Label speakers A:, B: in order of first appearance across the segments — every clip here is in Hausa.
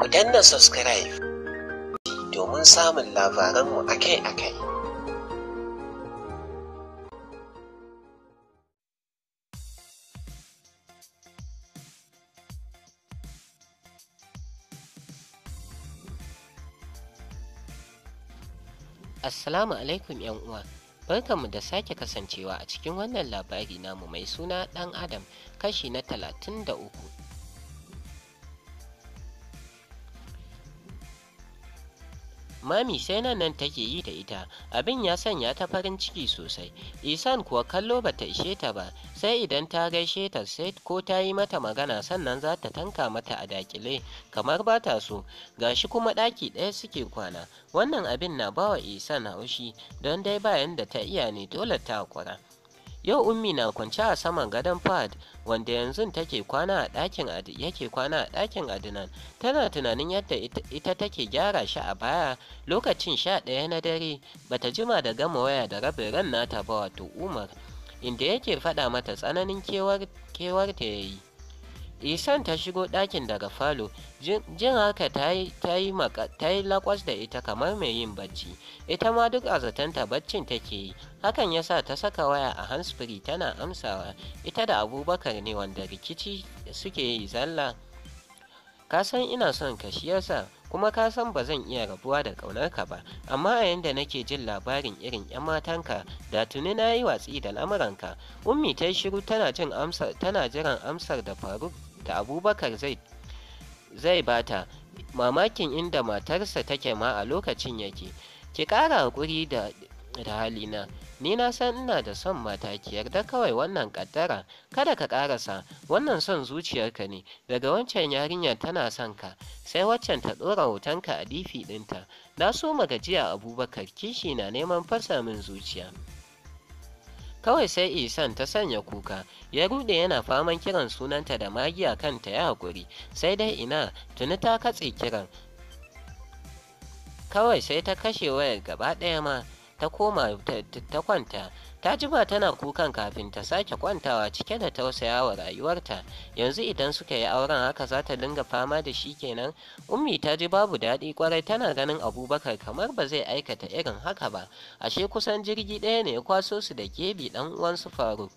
A: Ku danna subscribe domin samun labaranmu akai-akai. Assalamu alaikum uwa. Barkanmu da sake kasancewa a cikin wannan labari namu mai suna ɗan Adam kashi na talatin da uku. mami sai nan nan take yi da ita abin ya sanya ta farin ciki sosai isan kuwa kallo ba ta ishe ta ba sai idan ta gaishe ta sai ko ta yi mata magana sannan za ta tanka mata a dakile kamar ba ta so gashi kuma daki ɗaya suke kwana wannan abin na bawa isan haushi don dai bayan da ta iya ne dole ta hakura yau ummi na kwance a saman gadon pad wanda yanzu take kwana a ɗakin yake kwana a ɗakin adinan tana tunanin yadda ita take gyara shi a baya lokacin sha ɗaya na dare bata jima da gama waya da rabin ran nata ba wato Umar inda yake faɗa mata tsananin kewar kewar ta yayi isan ta shigo ɗakin daga falo jin haka ta yi lakwas da ita kamar mai yin bacci ita ma duk a zaton ta baccin take yi hakan ya sa ta saka waya a hansfiri tana amsawa ita da abubakar ne wanda rikici suke yi zalla ka san ina son ka shi kuma ka san ba zan iya rabuwa da ƙaunarka ba amma a yanda nake jin labarin irin 'yan matanka da tuni na yi watsi da lamuranka ummi ta yi shiru tana jiran amsar da faruk da Abubakar zai zai bata mamakin inda matarsa take ma a lokacin yake ki ƙara haƙuri da da halina ni na san ina da son mata ki yarda kawai wannan ƙaddara. kada ka karasa wannan son zuciyarka ne daga wancan yarinyar tana son ka sai waccan ta ɗora hotonka a difi ɗinta na so magajiya abubakar kishi na neman fasa min zuciya kawai sai isan ta sanya kuka ya rude yana faman kiran sunanta da magiya kanta ya haƙuri sai dai ina tuni ta katse kiran kawai sai ta kashe wayar gaba ɗaya ma ta koma ta kwanta ta jima tana kukan kafin ta sake kwantawa cike da tausaya wa rayuwarta yanzu idan suka yi auren haka za ta dinga fama da shi kenan ummi ta ji babu daɗi kwarai tana ganin abubakar kamar ba zai aikata irin haka ba ashe kusan jirgi ɗaya ne ya kwaso su da gebi ɗan uwansu faru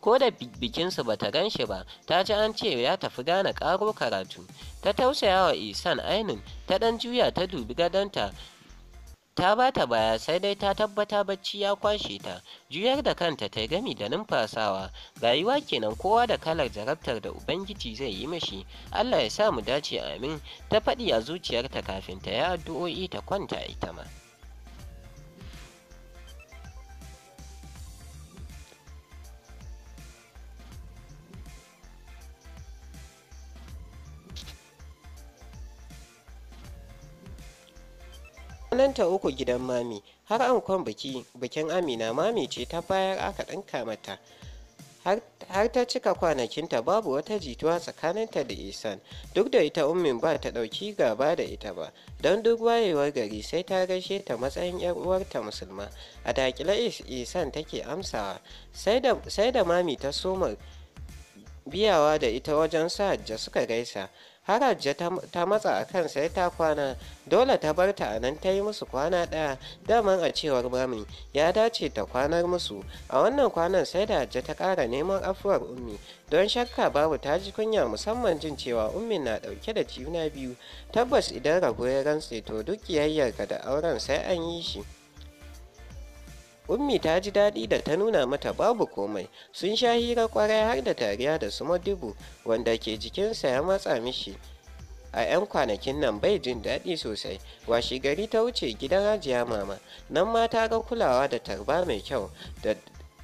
A: ko da bikinsu ba ta gan shi ba ta ji an ce ya tafi gane karo karatu ta tausaya wa isan ainin ta ɗan juya ta dubi gadonta ta ba ta baya sai dai ta tabbata bacci ya kwashe ta juyar da kanta ta gami da numfasawa rayuwa kenan kowa da kalar jarabtar da ubangiji zai yi mashi allah ya sa mu dace amin ta faɗi a zuciyarta kafin ta yi addu'o'i ta kwanta ita ma Kwananta uku gidan Mami, har ankon biki bikin Amina Mami ce ta bayar aka ɗinka mata. Har ta cika kwanakinta babu wata jituwa tsakaninta da Isan, duk da ita ummin ba ta ɗauki gaba da ita ba, don duk wayewar gari sai ta gaishe ta matsayin 'yar uwarta musulma. A dakile Isan take amsawa, sai da Mami ta soma biyawa da ita wajen sa hajja suka gaisa harajja ta matsa a kan sai ta kwana dole ta bar ta a nan ta yi musu kwana ɗaya daman a cewar bami ya dace ta kwanar musu a wannan kwanan sai da hajja ta kara neman afuwar ummi don shakka babu ta ji kunya musamman jin cewa ummi na ɗauke da juna biyu tabbas idan rago ya rantse to duk kiyayyarka da auren sai an yi shi Ummi ta ji daɗi da ta nuna mata babu komai, sun sha hira kwarai har da tariya da su madubu wanda ke jikinsa ya matsa mishi. A 'yan kwanakin nan bai jin daɗi sosai, washi gari ta wuce gidan hajiya mama, nan ma ta ga kulawa da tarba mai kyau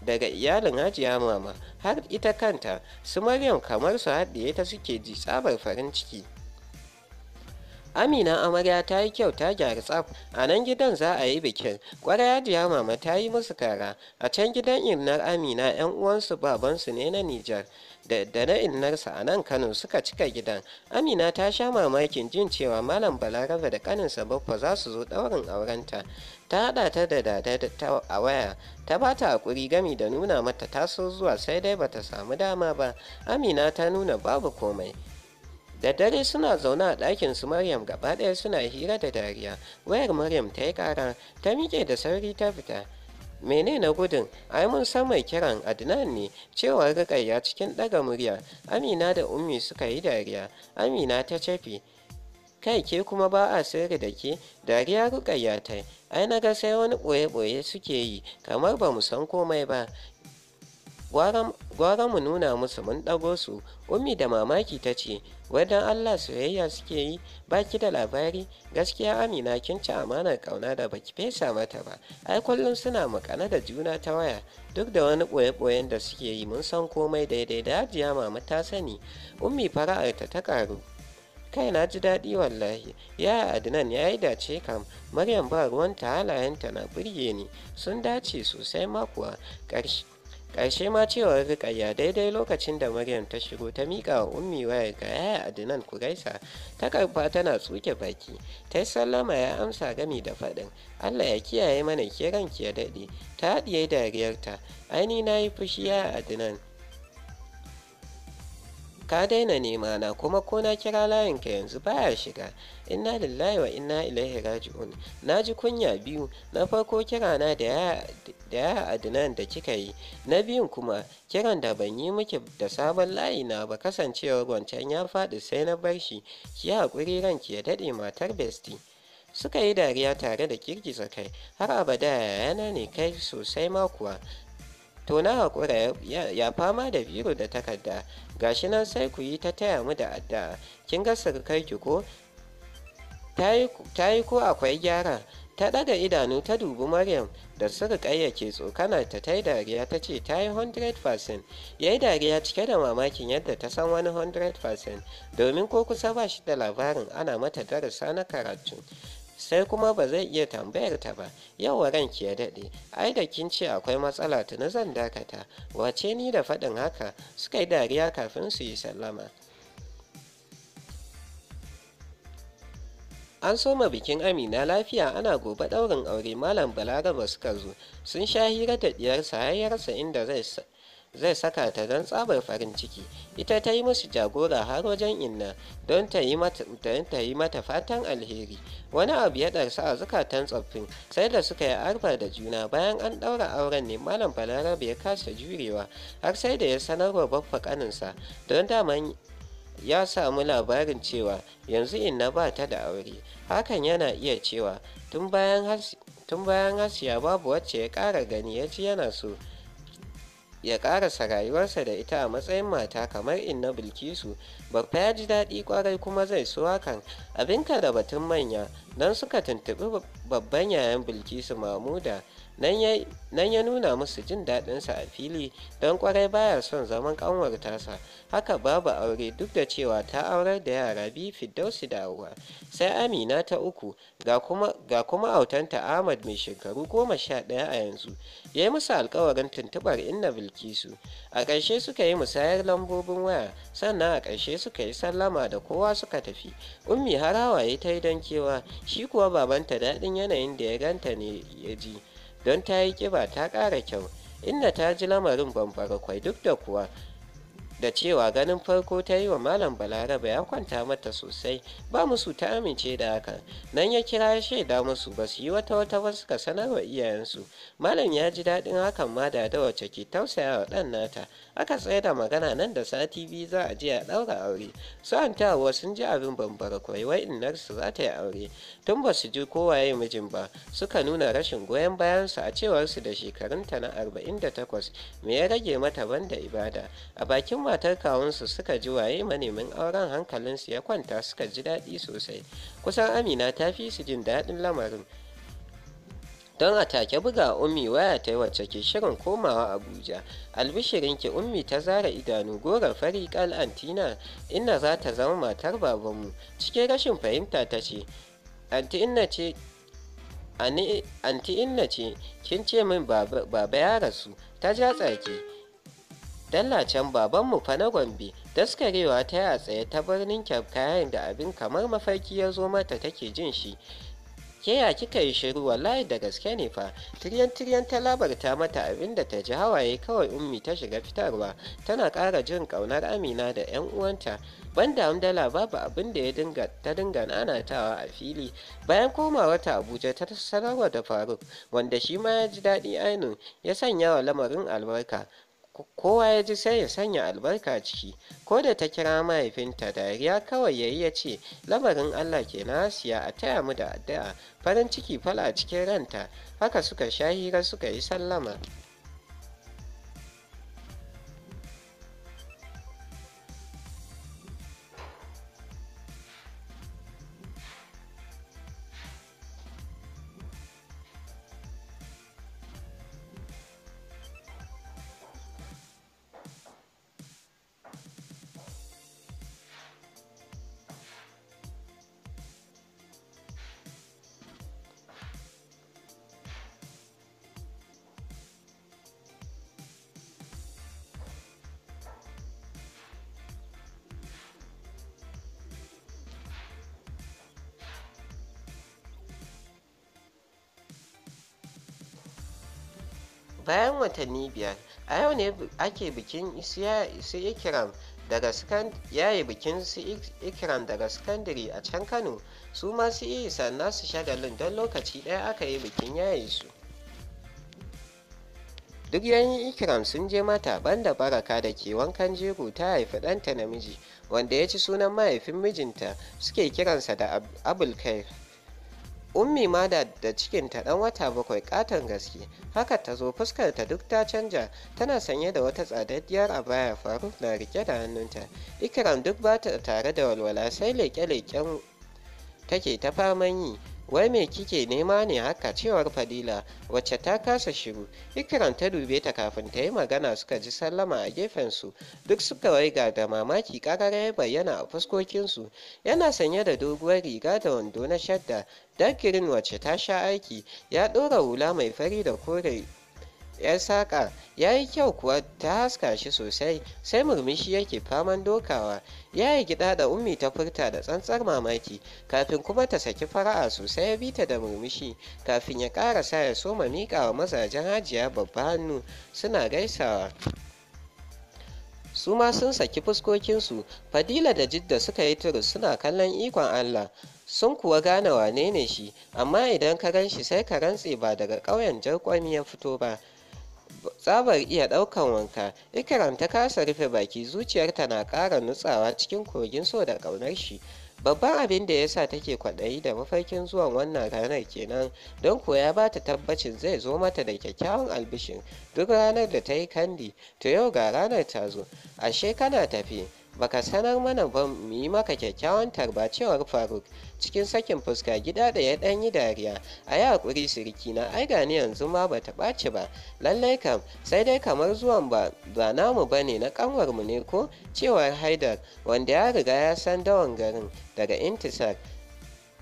A: daga iyalin hajiya mama har ita kanta su Maryam kamar su haɗiye ta suke ji tsabar farin ciki. Amina amarya ta yi kyau ta gyara tsaf a nan gidan za a yi bikin. diya mama ta yi musu kara a can gidan innar Amina 'yan uwansu babansu ne na Nijar. da na innarsa a nan Kano suka cika gidan. Amina ta sha mamakin jin cewa Malam Balarabe da kaninsa Baffa za su zo ɗaurin aurenta. Ta haɗa ta da dada a waya, ta ba ta haƙuri gami da nuna mata taso zuwa sai dai bata samu dama ba. Amina ta nuna babu komai. da dare suna zaune a ɗakin su maryam gaba ɗaya suna hira da dariya wayar maryam ta yi ƙara ta miƙe da sauri ta fita mene na gudun ai mun san mai kiran adnan ne cewa rikayya cikin ɗaga murya amina da ummi suka yi dariya amina ta cefe kai ke kuma ba a sirri da ke dariya rukayya ta ai na ga sai wani ɓoye-ɓoye suke yi kamar ba mu san komai ba gwara mu nuna musu mun ɗago su ummi da mamaki ta ce wadan allah soyayya suke yi baki da labari gaskiya amina kin ci amanar kauna da baki fesa mata ba ai kullum suna makana da juna ta waya duk da wani ɓoye-ɓoyen da suke yi mun san komai daidai da hajiya mama ta sani ummi fara'arta ta ƙaru kai na ji daɗi wallahi ya adnan ya yi dace kam maryam ba ruwan ta halayenta na birge ni sun dace sosai makuwa ƙarshe Karshe ma cewar rikayya daidai lokacin da maryam ta shigo ta miƙa wa ummi wayar ga yaya adinan kuraisa ta karfa tana tsuke baki ta sallama ya amsa gami da faɗin allah ya kiyaye mana ke ranki ya daɗe ta haɗiye dariyarta aini na yi fushi yaya adinan ka daina nema na kuma ko na kira layinka yanzu baya shiga inna lillahi wa inna ilaihi raji'un na ji kunya biyu na farko kira na da ya adnan da kika yi na biyun kuma kiran da ban yi miki da sabon layi na ba kasancewar wancan ya faɗi sai na bar shi ki haƙuri ranki ya daɗe matar besti suka yi dariya tare da girgiza kai har abada yayana ne kai sosai ma kuwa to na haƙura ya fama da biro da takarda gashi nan sai ku yi ta taya mu da addu'a kin ga surukai ki ko ta ko akwai gyara ta ɗaga idanu ta dubi maryam da suka ƙayyace tsokana ta ta yi dariya ta ce ta yi 100% ya yi dariya cike da mamakin yadda ta san wani 100% domin ko kusa ba shi da labarin ana mata darasa na karatu sai kuma ba zai iya tambayar ta ba yau ran ki ya daɗe ai da kin ce akwai matsala tuni zan dakata wace ni da faɗin haka suka yi dariya kafin su yi sallama an soma bikin amina lafiya ana gobe ɗaurin aure malam balaraba suka zo sun sha hira da diyarsa hayarsa inda zai zai saka ta don tsabar farin ciki ita ta yi musu jagora har wajen inna don ta yi mata fatan alheri wani abu ya ɗarsa a zukatan tsoffin sai da suka yi arba da juna bayan an ɗaura auren ne malam balarabe ya kasa jurewa har sai da ya sanarwa babba kaninsa don dama ya samu labarin cewa yanzu inna ba ta da aure hakan yana iya cewa tun bayan hasiya babu wacce ya ƙara gani ya ci yana so ya karasa rayuwarsa da ita a matsayin mata kamar inna bilkisu babba ya ji daɗi kwarai kuma zai so hakan abinka da batun manya don suka tuntuɓi babban yayan bilkisu mamuda nan ya nuna musu jin daɗinsa a fili don kwarai baya son zaman ƙanwar tasa haka babu aure duk da cewa ta aurar da yara biyu fiddausi da auwa sai amina ta uku ga kuma, autanta ahmad mai shekaru goma sha ɗaya a yanzu ya yi musu alkawarin tuntuɓar inna bilkisu a ƙarshe suka yi musayar lambobin waya sannan a ƙarshe suka yi sallama da kowa suka tafi ummi har hawaye ta yi don kewa shi kuwa babanta daɗin yanayin da ya ganta ne ya ji don ta yi ƙiba ta ƙara kyau inda ta ji lamarin kwai duk da kuwa da cewa ganin farko ta yi wa malam balaraba ya kwanta mata sosai ba musu ta amince da haka nan ya kira ya shaida musu ba su yi wata wata ba suka sanar iyayensu malam ya ji daɗin hakan ma da da wacce ke tausaya wa ɗan nata aka tsaye da magana nan da sati biyu za a je a ɗaura aure su an sun ji abin bambara kwai wai su za ta yi aure tun ba su ji kowaye mijin ba suka nuna rashin goyon bayan su a cewar su da shekarun ta na arba'in da takwas me ya rage mata banda ibada a bakin matar kawunsu suka ji waye manemin auren hankalin su ya kwanta suka ji daɗi sosai kusan amina ta fi su jin daɗin lamarin don a take buga ummi waya ta yi wacce ke shirin komawa abuja albishirin ki ummi ta zara idanu goron fari kal antina inna za ta zama matar babanmu cikin rashin fahimta ta ce anti inna ce kin ce min baba ya rasu ta ja tsaki dalla can babanmu fa na gombe daskarewa ta yi a tsaye ta birnin kyab da abin kamar mafarki ya zo mata take jin shi ke ya kika yi shiru wallahi da gaske ne fa tiryan tiryan ta labarta mata abinda ta ji hawaye kawai ummi ta shiga fitarwa tana ƙara jin ƙaunar amina da 'yan uwanta banda amdala babu abin da ya dinga ta dinga nanatawa a fili bayan komawa ta abuja ta sanarwa da faruk wanda shi ma ya ji daɗi ainihin ya sanya wa lamarin albarka kowa ya ji sai ya sanya albarka ciki ko da ta kira mahaifinta dariya kawai ya yi ya ce lamarin allah ke na asiya a taya mu da addu'a farin ciki fala a cikin ranta haka suka sha hira suka yi sallama bayan watanni biyar a yau ne ake bikin su ikiram daga bikin su ikiram daga sakandare a can kano su ma su iya sannan su shagalin don lokaci ɗaya aka yi bikin yaye su duk yayin ikiram sun je mata banda baraka da ke wankan jego ta haifi ɗanta namiji wanda ya ci sunan mahaifin mijinta suke kiransa da abulkair Ummi ma da cikinta ɗan wata bakwai katon gaske, haka ta zo fuskarta duk ta canja, tana sanye da wata tsadaddiyar abaya faruk na rike da hannunta. ikiram duk ba ta tare da walwala sai leƙe-leƙen take ta faman yi, wai me kike nema ne haka cewar fadila wacce ta kasa shiru ikiran ta dube ta kafin ta yi magana suka ji sallama a gefensu duk suka wai ga da mamaki karara bayyana a fuskokinsu yana sanye da doguwar riga da wando na shadda dakirin wacce ta sha aiki ya ɗora hula mai fari da kore yar saƙa ya yi kyau kuwa ta haska shi sosai sai murmushi yake faman dokawa ya yi gida da ummi ta furta da tsantsar mamaki kafin kuma ta saki fara'a sosai ya bi ta da murmushi kafin ya ƙara sa ya soma miƙa wa mazajen hajiya babba hannu suna gaisawa su ma sun saki fuskokinsu fadila da jidda suka yi turu suna kallon ikon allah sun kuwa gane wane ne shi amma idan ka gan shi sai ka rantse ba daga ƙauyen jarkwami ya fito ba tsabar iya ɗaukan wanka ikiram ta kasa rufe baki zuciyarta na ƙara nutsawa cikin kogin so da ƙaunar shi babban abin da yasa take kwaɗayi da mafarkin zuwan wannan ranar kenan don koya ya ba ta tabbacin zai zo mata da kyakkyawan albishin duk ranar da ta yi kandi to yau ga ranar ta zo ashe kana tafi baka sanar mana ba mu yi maka kyakkyawan tarba cewar faruk cikin sakin fuska gida da ya ɗan yi dariya a yi haƙuri siriki na ai gani yanzu ma ba ta ɓaci ba lallai kam sai dai kamar zuwan ba ba namu ba ne na mu ne ko cewar haidar wanda ya riga ya san dawan garin daga intisar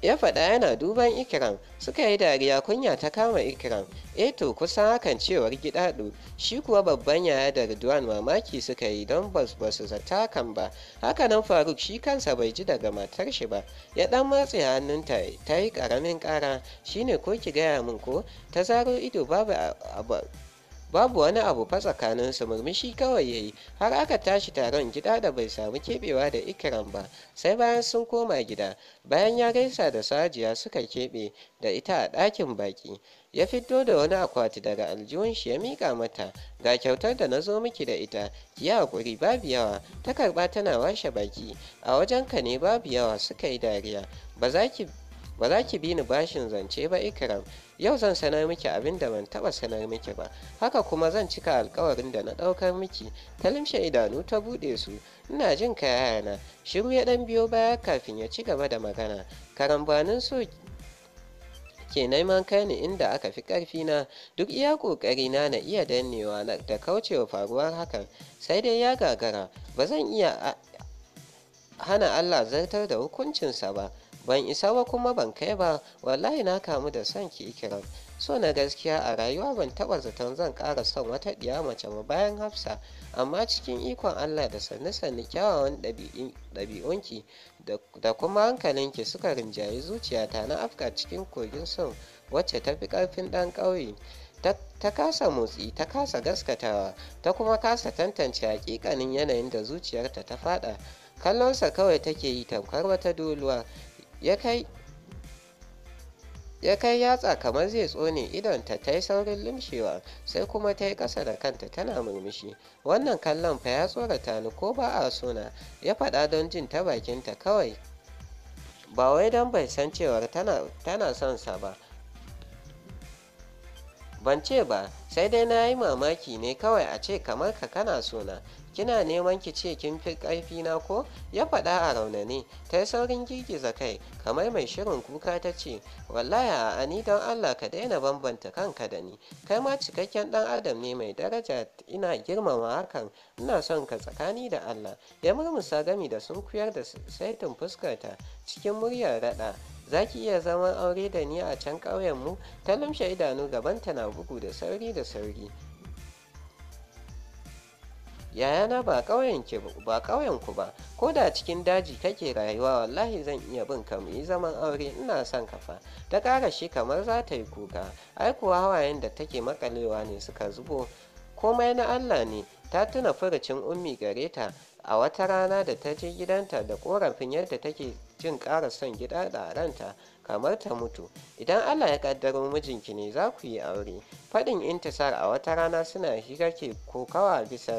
A: ya faɗa yana duban ikiram suka yi dariya kunya ta kama ikiram eto eh kusa hakan cewar gidaɗu shi kuwa babban yaya da ridwan mamaki suka yi don bas basu zata kan ba hakanan faruk shi kansa bai ji daga matar shi ba ya ɗan matse hannunta ta yi ƙaramin ƙara shine ko ki gaya min ko ta zaro ido babu babu wani abu fa tsakaninsu murmushi kawai yayi har aka tashi taron gida da bai samu keɓewa da ikiran ba sai bayan sun koma gida bayan ya gaisa da sajiya suka keɓe da ita a ɗakin baƙi ya fito da wani akwati daga aljihun shi ya miƙa mata ga kyautar da na zo miki da ita ki yi haƙuri babu yawa ta karɓa tana washe baki a wajenka ne babu yawa suka yi dariya ba za ki ba za ki bi ni bashin zance ba ikram yau zan sanar miki abin da ban taba sanar miki ba haka kuma zan cika alkawarin da na daukar miki ta limshe idanu ta bude su ina jin ka yana shiru ya dan biyo baya kafin ya ci gaba da magana karambanin so ke neman kai ni inda aka fi karfi na duk iya kokari na na iya dannewa da kaucewa faruwar hakan sai dai ya gagara ba zan iya hana Allah zartar da hukuncinsa ba ban isa ba kuma ban kai ba wallahi na kamu da son ki kiran so na gaskiya a rayuwa ban taba zaton zan kara son wata ɗiya mace ma bayan hafsa amma cikin ikon allah da sanni sanni kyawawan ɗabi'unki da kuma hankalinki suka rinjayi zuciyata na afka cikin kogin son wacce ta fi ƙarfin ɗan ƙauye ta kasa motsi ta kasa gaskatawa ta kuma kasa tantance hakikanin yanayin da zuciyarta ta fada kallonsa kawai take yi tamkar wata doluwa ya kai yatsa kamar zai tsone idonta ta ta yi saurin limshewa sai kuma ta yi kasa da kanta tana murmushi wannan kallon fa ya tsorata ni ko ba a suna ya faɗa don jin ta bakinta kawai ba wai don bai san cewar tana son sa ba ban ce ba sai dai na yi mamaki ne kawai a ce kamar ka kana sona kina neman ki ce kin fi ƙarfi na ko ya faɗa a raunani ta saurin girgiza kai kamar mai shirin kuka ta ce wallahi a ani don allah ka daina bambanta kanka da ni kai ma cikakken ɗan adam ne mai daraja ina girmama hakan ina son ka tsakani da allah ya murmusa gami da sunkuyar da saitin fuskarta cikin muryar raɗa za ki iya zaman aure da ni a can ƙauyenmu ta lumshe idanu gabanta na bugu da sauri da sauri yayana ba ƙauyen ba ko da cikin daji kake rayuwa wallahi zan iya bin ka mu yi zaman aure ina son kafa ta ƙara shi kamar za ta yi kuka aikuwa hawayen da take makalewa ne suka zubo komai na allah ne ta tuna furucin ummi gare ta a wata rana da ta je gidanta da korafin yadda take jin ƙara son gida da ranta kamar ta mutu idan allah ya kaddaro mijinki ne za ku yi aure faɗin intisar a wata rana suna hira ke kokawa bisa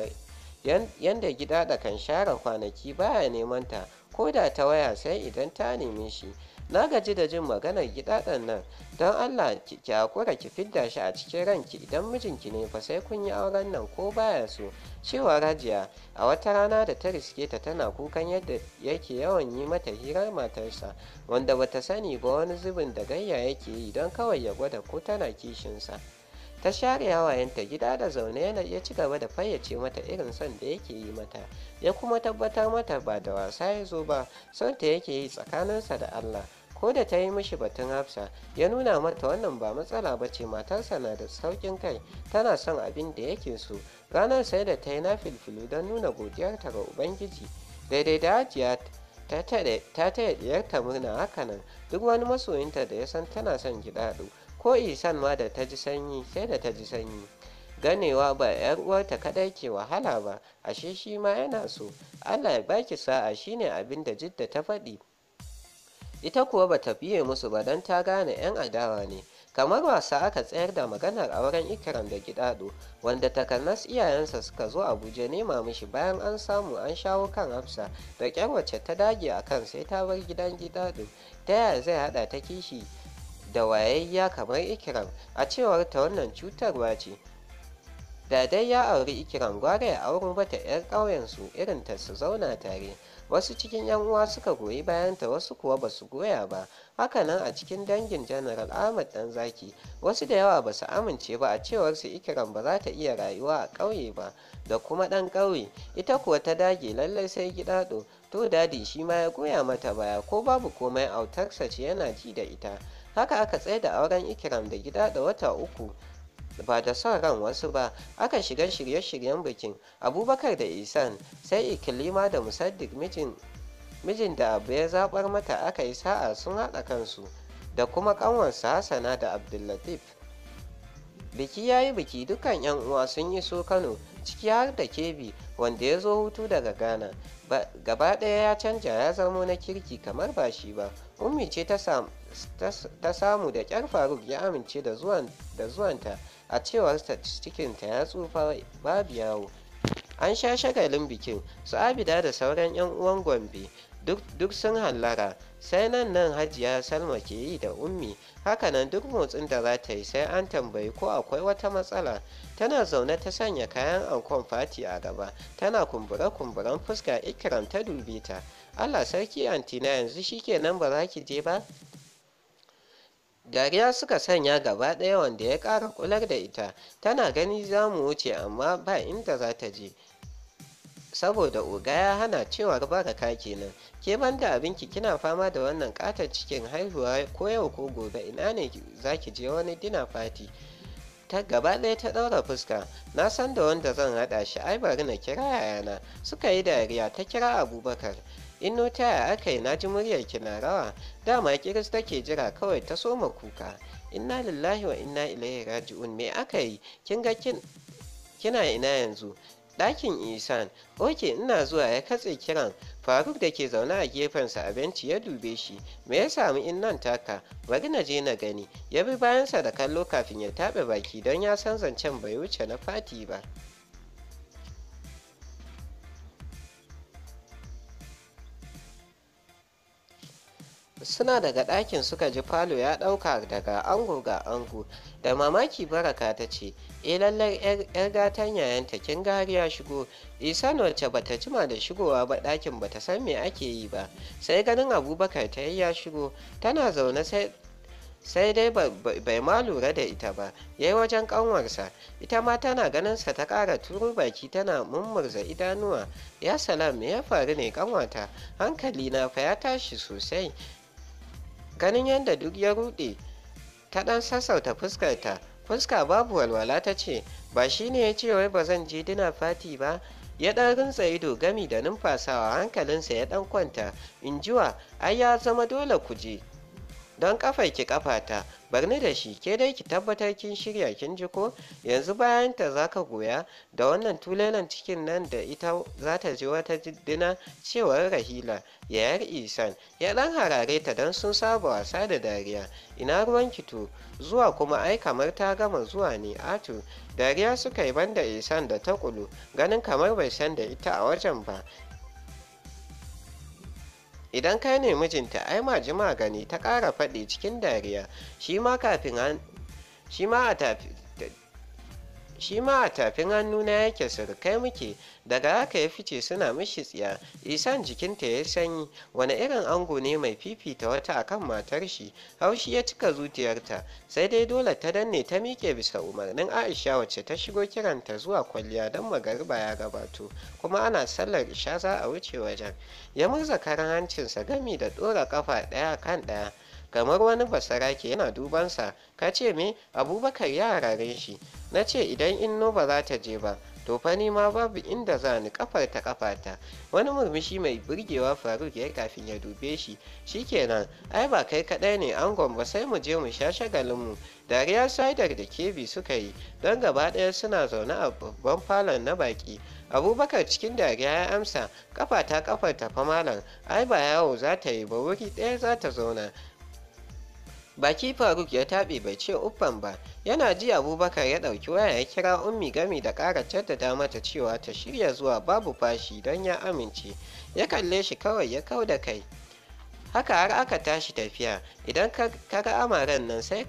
A: yadda gida da kan share kwanaki baya neman ta ko da ta waya sai idan ta neme shi na gaji da jin maganar gidaɗan nan don allah ki haƙura ki fidda shi a cikin ranki idan mijinki ne fa sai kun yi auren nan ko baya so cewa rajiya a wata rana da ta riske ta tana kukan yadda yake yawan yi mata hirar matarsa wanda bata sani ba wani zubin da gayya yake yi don kawai ya gwada ko tana kishinsa ta share hawayenta gida da zaune yana ya ci gaba da fayyace mata irin son da yake yi mata ya kuma tabbatar mata ba da wasa ya zo ba son ta yake yi tsakaninsa da allah ko da ta yi mishi batun hafsa ya nuna mata wannan ba matsala ba ce matarsa na da saukin kai tana son abin da yake so ranar sai da ta yi na filfilu don nuna godiyarta ga ubangiji daidai da hajiya ta taya diyarta murna hakanan duk wani masoyinta da ya san tana son gidaɗo ko isan ma da ta ji sanyi sai da ta ji sanyi ganewa ba 'yar uwarta kadai ke wahala ba ashe shi ma yana so allah ya baki sa'a shine abin da jidda ta faɗi ita kuwa ba ta biye musu ba don ta gane 'yan adawa ne kamar wasa aka tsayar da maganar auren ikram da gidado wanda takannas iyayensa suka zo abuja nema mishi bayan an samu an shawo kan hafsa da ƙyar wacce ta dage a kan sai ta bar gidan gidado ta yaya zai hada ta kishi da wayayya kamar ikram a cewar ta wannan cutarwa ce da dai ya auri ikiram gwara ya auren mata 'yar ƙauyensu irin ta su zauna tare wasu cikin 'yan uwa suka goyi bayanta wasu kuwa ba su goya ba hakanan a cikin dangin general ahmad dan zaki wasu da yawa ba su amince ba a cewar su ikiran ba za ta iya rayuwa a ƙauye ba da kuma dan ƙauye ita kuwa ta dage lallai sai gidado to dadi shi ma ya goya mata baya ko babu komai autarsa ce yana ji da ita haka aka tsaye da auren ikiram da gida da wata uku ba da son ran wasu ba aka shiga shirye-shiryen bikin abubakar da isan sai ikilima da musaddik mijin da abu ya zabar mata aka yi sa'a sun haɗa kansu da kuma ƙanwarsa hassana da abdullatif biki ya yi biki dukkan yan uwa sun yi so kano ciki har da kebi wanda ya zo hutu daga ghana gaba ɗaya ya canja ya zamo na kirki kamar ba shi ba ummi ce ta samu ta samu da kyar faruk ya amince da zuwanta a cewar cikinta ya tsufa babu yawo an sha shagalin bikin su abida da sauran 'yan uwan gombe duk sun hallara sai nan nan hajiya salma ke yi da ummi hakanan duk motsin da za ta yi sai an tambayi ko akwai wata matsala tana zaune ta sanya kayan ankon fati a gaba tana kumbura-kumburan fuska ikiram ta dubita allah sarki antina yanzu nan ba za ki je ba dariya suka sanya gaba ɗaya wanda ya ƙara kular da ita tana gani za mu wuce amma ba inda za ta je saboda oga ya hana cewar ka kenan ke banda abinki kina fama da wannan katon cikin haihuwa ko yau ko gobe ina ne za ki je wani dina fati ta gaba ɗaya ta ɗaura fuska na san da wanda zan haɗa shi ai bari na kira yayana suka yi dariya ta kira abubakar inno ta aka yi na ji muryar ki na rawa dama kiris take jira kawai ta soma kuka inna lillahi wa inna ilaihi raji'un me aka yi kin ga kin kina ina yanzu ɗakin isan oke ina zuwa ya katse kiran faruk da ke zaune a gefensa a benci ya dube shi me ya samu in nan taka bari na je na gani ya bi bayansa da kallo kafin ya taɓa baki don ya san zancen bai wuce na fati ba suna daga ɗakin suka ji falo ya ɗauka daga ango ga ango da mamaki baraka ta ce e lallai yar gatan yayanta kin ga ya shigo isan wacce bata jima da shigowa ba ɗakin bata san me ake yi ba sai ganin abubakar ta yi ya shigo tana zaune sai sai dai bai ma lura da ita ba yayi wajen kanwarsa ita ma tana ganinsa ta ƙara turu baki tana mummurza idanuwa ya salam me ya faru ne kanwata hankali na fa ya tashi sosai ganin yadda duk ya rude ta ɗan sassauta fuskarta fuska babu walwala ta ce ba shi ne ya ce wai ba zan je dina fati ba ya dan rinsa ido gami da numfasawa hankalinsa ya dan kwanta in injiwa ai ya zama dole ku je don kafar ki kafata bar ni da shi ke dai ki tabbatar kin shirya kin ji ko yanzu bayan ta ka goya da wannan tulelan cikin nan da ita za ta ji wata jiddina cewar rahila Ya yayar isan ya dan harare ta don sun saba wasa da dariya ina ruwan kito zuwa kuma ai kamar ta gama zuwa ne ato dariya suka yi banda isan da ta kulu ganin kamar bai san da ita a wajen ba idan kai ne mijinta ai ma jima gani ta ƙara faɗi cikin dariya shi ma kafin shi ma a tafi shi ma a tafin hannuna yake surukai muke daga haka ya fice suna mishi tsiya isan jikinta ya sanyi wani irin ango ne mai fifita wata akan matar shi haushi ya cika zuciyarta sai dai dole ta danne ta miƙe bisa umarnin aisha wacce ta shigo kiranta zuwa kwalliya don magariba ya gabato kuma ana sallar isha za a wuce wajen ya murza karan hancinsa gami da ɗora kafa ɗaya kan ɗaya kamar wani basarake yana dubansa ka ce me abubakar ya harare shi na ce idan inno ba za ta je ba to fa ni ma babu inda za ni kafar ta kafata wani murmushi mai burgewa faruk ya kafin ya dube shi shikenan ai ba kai kadai ne angon ba sai mu je mu sha shagalin shagalinmu dariya sider da kebi suka yi don gaba ɗaya suna zaune a babban falon na baki abubakar cikin dariya ya amsa kafa ta kafar ta fa malam ai ba yawo za ta yi ba wuri ɗaya za ta zauna baki faruk ya taɓe bai ce uffan ba yana ji abubakar ya ɗauki waya ya kira ummi gami da ƙara jaddada mata cewa ta shirya zuwa babu fashi don ya amince ya kalle shi kawai ya kau da kai haka har aka tashi tafiya idan ka ga amaren nan sai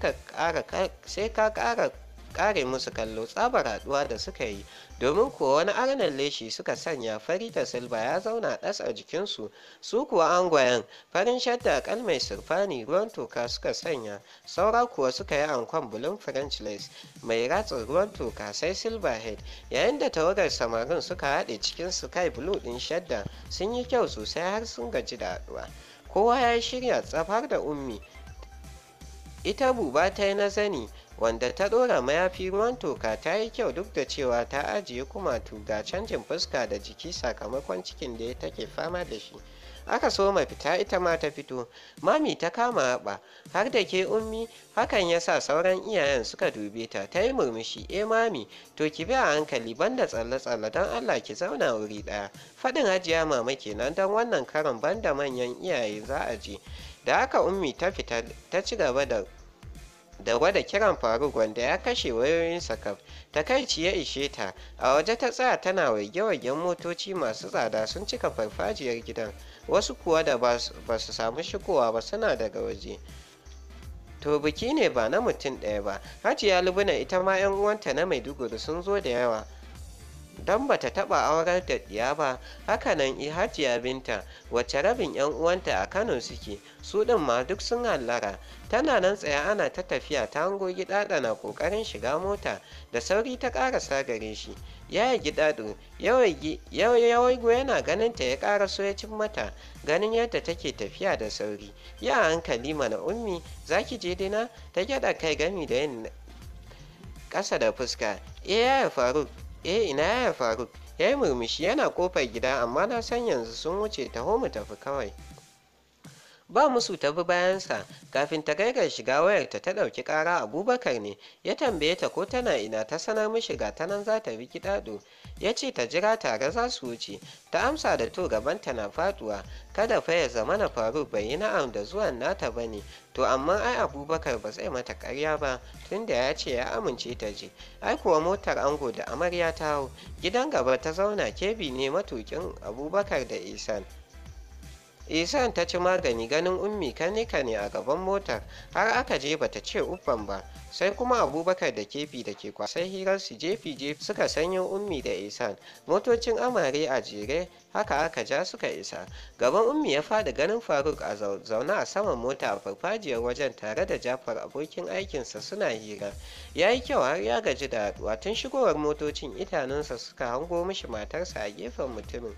A: ka ƙara kare musu kallo tsabar haɗuwa da suka yi domin kuwa wani arnan leshi suka sanya fari da silba ya zauna ɗas a jikinsu su kuwa angwayen farin shadda kal mai sirfani ruwan toka suka sanya saura kuwa suka yi ankon bulun french lace mai ratsa ruwan toka sai silba head yayin da tawagar samarin suka haɗe cikin sky blue ɗin shadda sun yi kyau sosai har sun gaji da haɗuwa kowa ya shirya tsafar da ummi ita buba ta yi na zani wanda ta ɗora mayafi ruwan toka ta yi kyau duk da cewa ta ajiye kumatu ga canjin fuska da jiki sakamakon cikin da ya take fama da shi aka so ma fita ita ma ta fito mami ta kama haɓa har da ke ummi hakan ya sa sauran iyayen suka dube ta ta yi murmushi e mami to ki bi a hankali banda tsalle-tsalle don allah ki zauna wuri ɗaya faɗin hajiya mama kenan don wannan karon banda manyan iyaye za a je da haka ummi ta fita ta ci gaba da da gwada kiran faruk wanda ya kashe wayoyin sakaf takaici ya ishe ta a waje ta tsaya tana waige-waigen motoci masu tsada sun cika farfajiyar gidan wasu kuwa da ba su samu shigowa ba suna daga waje to biki ne ba na mutum ɗaya ba hajiya lubuna ita ma 'yan uwanta na maiduguri sun zo da yawa don ba ta taɓa aurar da ɗiya ba haka hakanan hajiya binta wacce rabin yan uwanta a kano suke su ɗin ma duk sun hallara tana nan tsaye ana ta tafiya ta hango gida na ƙoƙarin shiga mota da sauri ta ƙarasa gare shi yaya yawai yawaigo yana ganin ta ya ƙara ya cin mata ganin yadda take tafiya da sauri ya hankali mana ummi zaki je dina ta gyaɗa kai gami da yin ƙasa da fuska E, eh, yaya faruk eh ina yaya faruk ya yi murmushi yana kofar gida amma na san yanzu sun wuce taho mu tafi kawai ba musu ta bi bayansa kafin ta gaigar shiga wayarta ta ɗauki ƙara abubakar ne ya tambaye ta ko tana ina ta sanar mishi ga ta nan za ta bi kidado ya ce ta jira tare za su wuce ta amsa da to gaban ta na faduwa kada fa ya zama na faruk bai yi na'am da zuwan nata ba ne to amma ai abubakar ba zai mata karya ba tunda ya ce ya amince ta je ai kuwa motar ango da amarya ta hau gidan gaba ta zauna kebi ne matukin abubakar da isan isan ta ci magani ganin ummi kane ne a gaban motar har aka je bata ce uban ba sai kuma abubakar da kefi da ke kwasai hirar su jefi jefi suka sanyo ummi da isan motocin amare a jere haka aka ja suka isa gaban ummi ya fada ganin faruk a zaune a saman mota a farfajiyar wajen tare da jafar abokin aikinsa suna hira ya yi kyau har ya gaji da haɗuwa tun shigowar motocin idanunsa suka hango mishi matarsa a gefen mutumin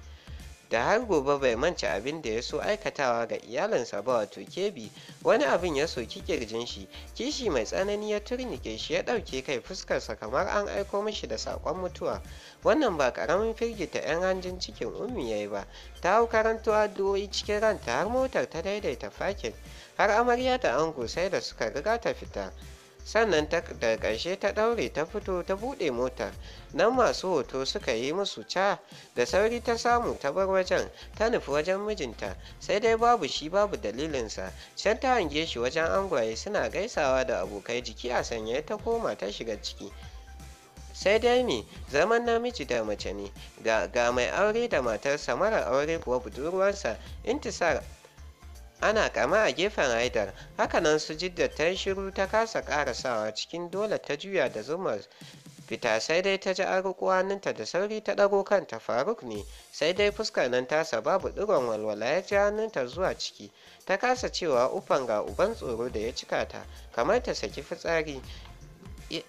A: da har gobe bai manci abin da ya so aikatawa ga iyalinsa ba wato kebi wani abin ya soki kirjin shi kishi mai tsanani ya turnike shi ya ɗauke kai fuskarsa kamar an aiko mishi da saƙon mutuwa wannan ba karamin firgita 'yan hanjin cikin ummi ya yi ba ta hau karanto addu'o'i cikin ranta har motar ta daidaita fakin har amarya da ango sai da suka riga ta fita sannan da ƙarshe ta ɗaure ta fito ta buɗe mota, nan masu hoto suka yi musu ca da sauri ta samu ta bar wajen ta nufi wajen mijinta sai dai babu shi babu dalilinsa can ta hange shi wajen angwaye suna gaisawa da abokai jiki a sanye ta koma ta shiga ciki sai dai me zaman namiji da mace ne ga mai aure da matarsa mara aure kuwa budurwarsa intisar ana kama a gefen haidar hakanan su jidda ta shiru ta kasa karasawa cikin dole ta juya da zuma fita sai dai ta ji aro kwaninta da sauri ta ɗago kanta faruk ne sai dai fuskar nan tasa babu ɗigon walwala ya ji hannunta zuwa ciki ta kasa cewa ufan ga uban tsoro da ya cika ta kamar ta saki fitsari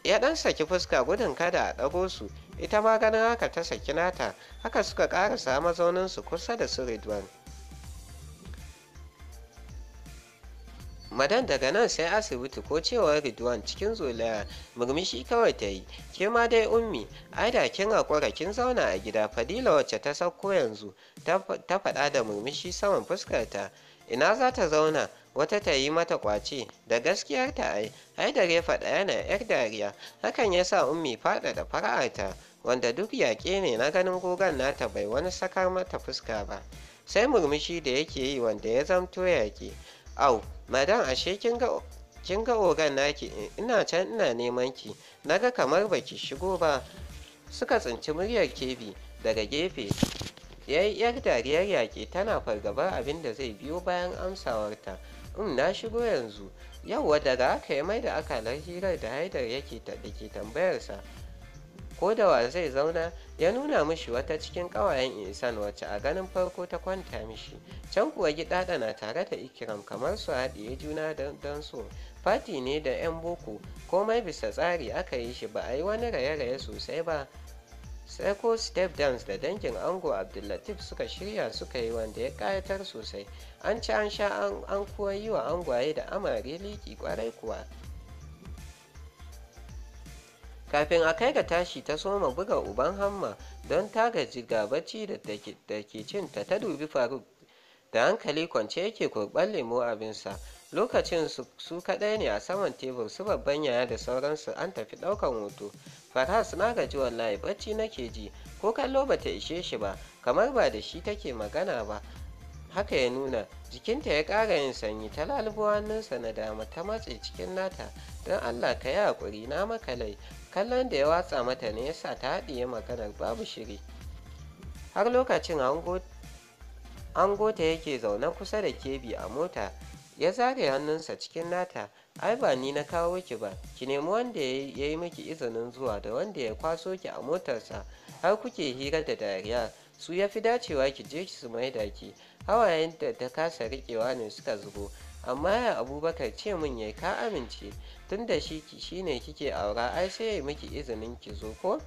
A: ya ɗan saki fuska gudun kada a ɗago su ita ma ganin haka ta saki nata haka suka ƙarasa su kusa da su ridwan madan daga nan sai asibiti ko cewar ridwan cikin zolaya murmushi kawai ta yi ke ma dai ummi ai da kin haƙura kin zauna a gida fadila wacce ta sauko yanzu ta faɗa da murmushi saman fuskarta ina za ta zauna wata ta yi mata kwace da gaskiyar ta ai ai da refa ɗaya na yar dariya hakan ya sa ummi faɗaɗa fara'arta wanda duk yaƙe ne na ganin gogon nata bai wani sakar mata fuska ba sai murmushi da yake yi wanda ya zamto yaƙe au madam ashe kin ga kin ga ogan naki ina can ina neman ki naga kamar baki shigo ba suka tsinci muryar kebi daga gefe yayi yar dariyar yaƙi tana fargabar abin da zai biyo bayan amsawarta in mm, na shigo yanzu yauwa daga aka yi mai da akalar hirar da haidar yake tambayarsa ko da wa zai zauna ya nuna mishi wata cikin ƙawayen isan wacce a ganin farko ta kwanta mishi can kuwa gida na tare da ikiram kamar su haɗiye juna don so fati ne da 'yan boko komai bisa tsari aka yi shi ba a yi wani raye-raye sosai ba sai ko step dance da dangin ango abdullatif suka shirya suka yi wanda ya kayatar sosai an ci an sha an kuwa yi wa angwaye da amare liki kwarai kuwa kafin a kai ga tashi ta soma buga uban hamma don ta gaji ga bacci da ke cinta ta dubi faruk da hankali kwance yake kurban lemo abinsa lokacin su kaɗai ne a saman tebur su babban yaya da sauransu an tafi ɗaukan hoto Faras na gaji wallahi bacci nake ji ko kallo bata ishe shi ba kamar ba da shi take magana ba haka ya nuna jikinta ya ƙara yin sanyi ta lalubo hannunsa na dama ta matse cikin nata don allah ka yi haƙuri na makalai kallon da ya watsa mata ne ya sa ta haɗiye maganar babu shiri har lokacin angota yake zaune kusa da kebi a mota ya zare hannunsa cikin nata ai ba ni na kawo ki ba ki nemi wanda ya yi miki izinin zuwa da wanda ya kwaso ki a motarsa har kuke hira da dariya su ya fi dacewa ki je ki su maida ki hawayen da ta kasa riƙewa ne suka zubo amma ya abubakar ce min yai ka amince tun da shi shine kike aura ai sai ya yi miki izinin ki zo ko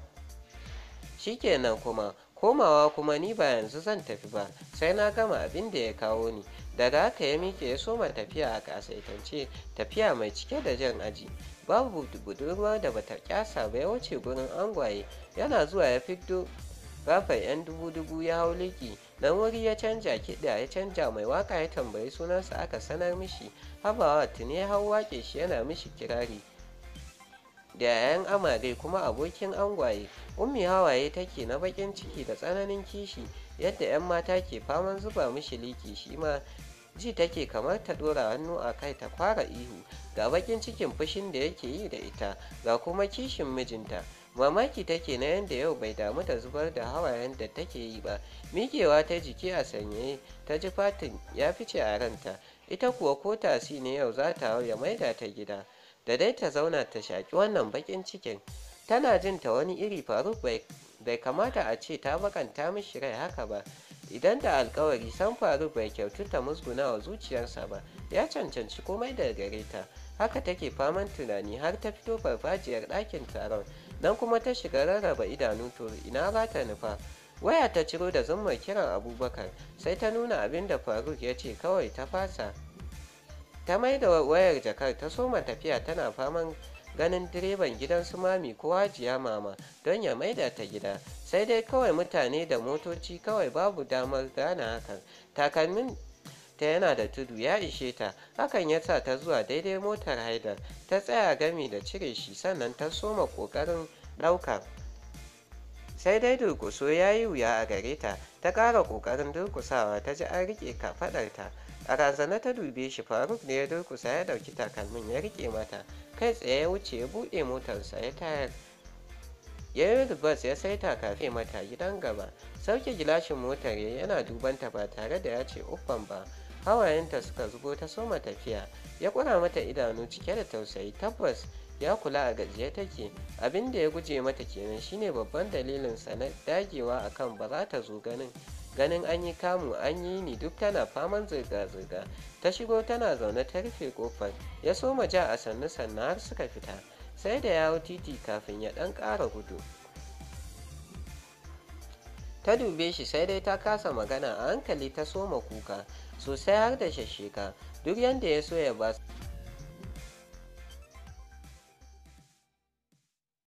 A: shikenan kuma komawa kuma ni ba yanzu zan tafi ba sai na gama abin da ya kawo ni daga haka ya mike ya soma tafiya a kasaitance tafiya mai cike da jan aji babu budurwa da bata kyasa ba ya wuce gurin angwaye yana zuwa ya fito rafar yan dubu dubu ya hau liki dan wuri ya canja kiɗa ya canja mai waka ya tambayi sunansa aka sanar mishi habawa tuni ya hau wake shi yana mishi kirari da yayan amare kuma abokin angwaye ummi hawaye take na bakin ciki da tsananin kishi yadda 'yan mata ke faman zuba mishi liki shi ma ji take kamar ta dora hannu a kai ta kwara ihu ga bakin cikin fushin da yake yi da ita ga kuma kishin mijinta mamaki take na yadda yau bai damu ta zubar da hawayen da take yi ba miƙewa ta jiki a sanye ta ji fatin ya fice a ranta ita kuwa ko tasi ne yau za ta hau ya maida ta gida da dai ta zauna ta shaki wannan bakin cikin tana jin ta wani iri faruk bai kamata a ce ta bakanta mishi rai haka ba idan da alkawari san faru bai kyautu ta musguna wa zuciyarsa ba ya cancanci komai daga gare ta haka take faman tunani har ta fito farfajiyar ɗakin taron dan kuma ta shiga rarraba idanu to ina za ta nufa waya ta ciro da zummar kiran abubakar sai ta nuna abin da faruk ya ce kawai ta fasa ta mai da wayar jakar ta soma tafiya tana faman ganin direban gidan su mami ko hajiya mama don ya maida ta gida sai dai kawai mutane da motoci kawai babu damar gane hakan takalmin ta yana da tudu ya ishe ta hakan ya sa ta zuwa daidai motar haidar ta tsaya gami da cire shi sannan ta soma ƙoƙarin ɗauka sai dai durkuso ya yi wuya a gare ta ta ƙara ƙoƙarin durƙusawa ta ji an riƙe kafaɗarta a razana ta dube shi faruk ne ya durkusa ya dauki takalmin ya rike mata kai tsaye ya wuce ya buɗe motarsa ya tayar ya yi bas ya saita kafe mata gidan gaba sauke gilashin motar ya yana dubanta ba tare da ya ce uffan ba hawayenta suka zubo ta soma tafiya ya kura mata idanu cike da tausayi tabbas ya kula a gajiya take abin da ya guje mata kenan shine babban dalilin sa na dagewa akan ba za ta zo ganin ganin an yi kamu an yi ni duk tana faman zirga-zirga ta shigo tana zaune ta rufe kofar ya soma ja a sannu sannu har suka fita sai da yawo titi kafin ya ɗan ƙara gudu ta dube shi sai dai ta kasa magana a hankali ta soma kuka sosai har da shasheka duk yadda ya so ya ba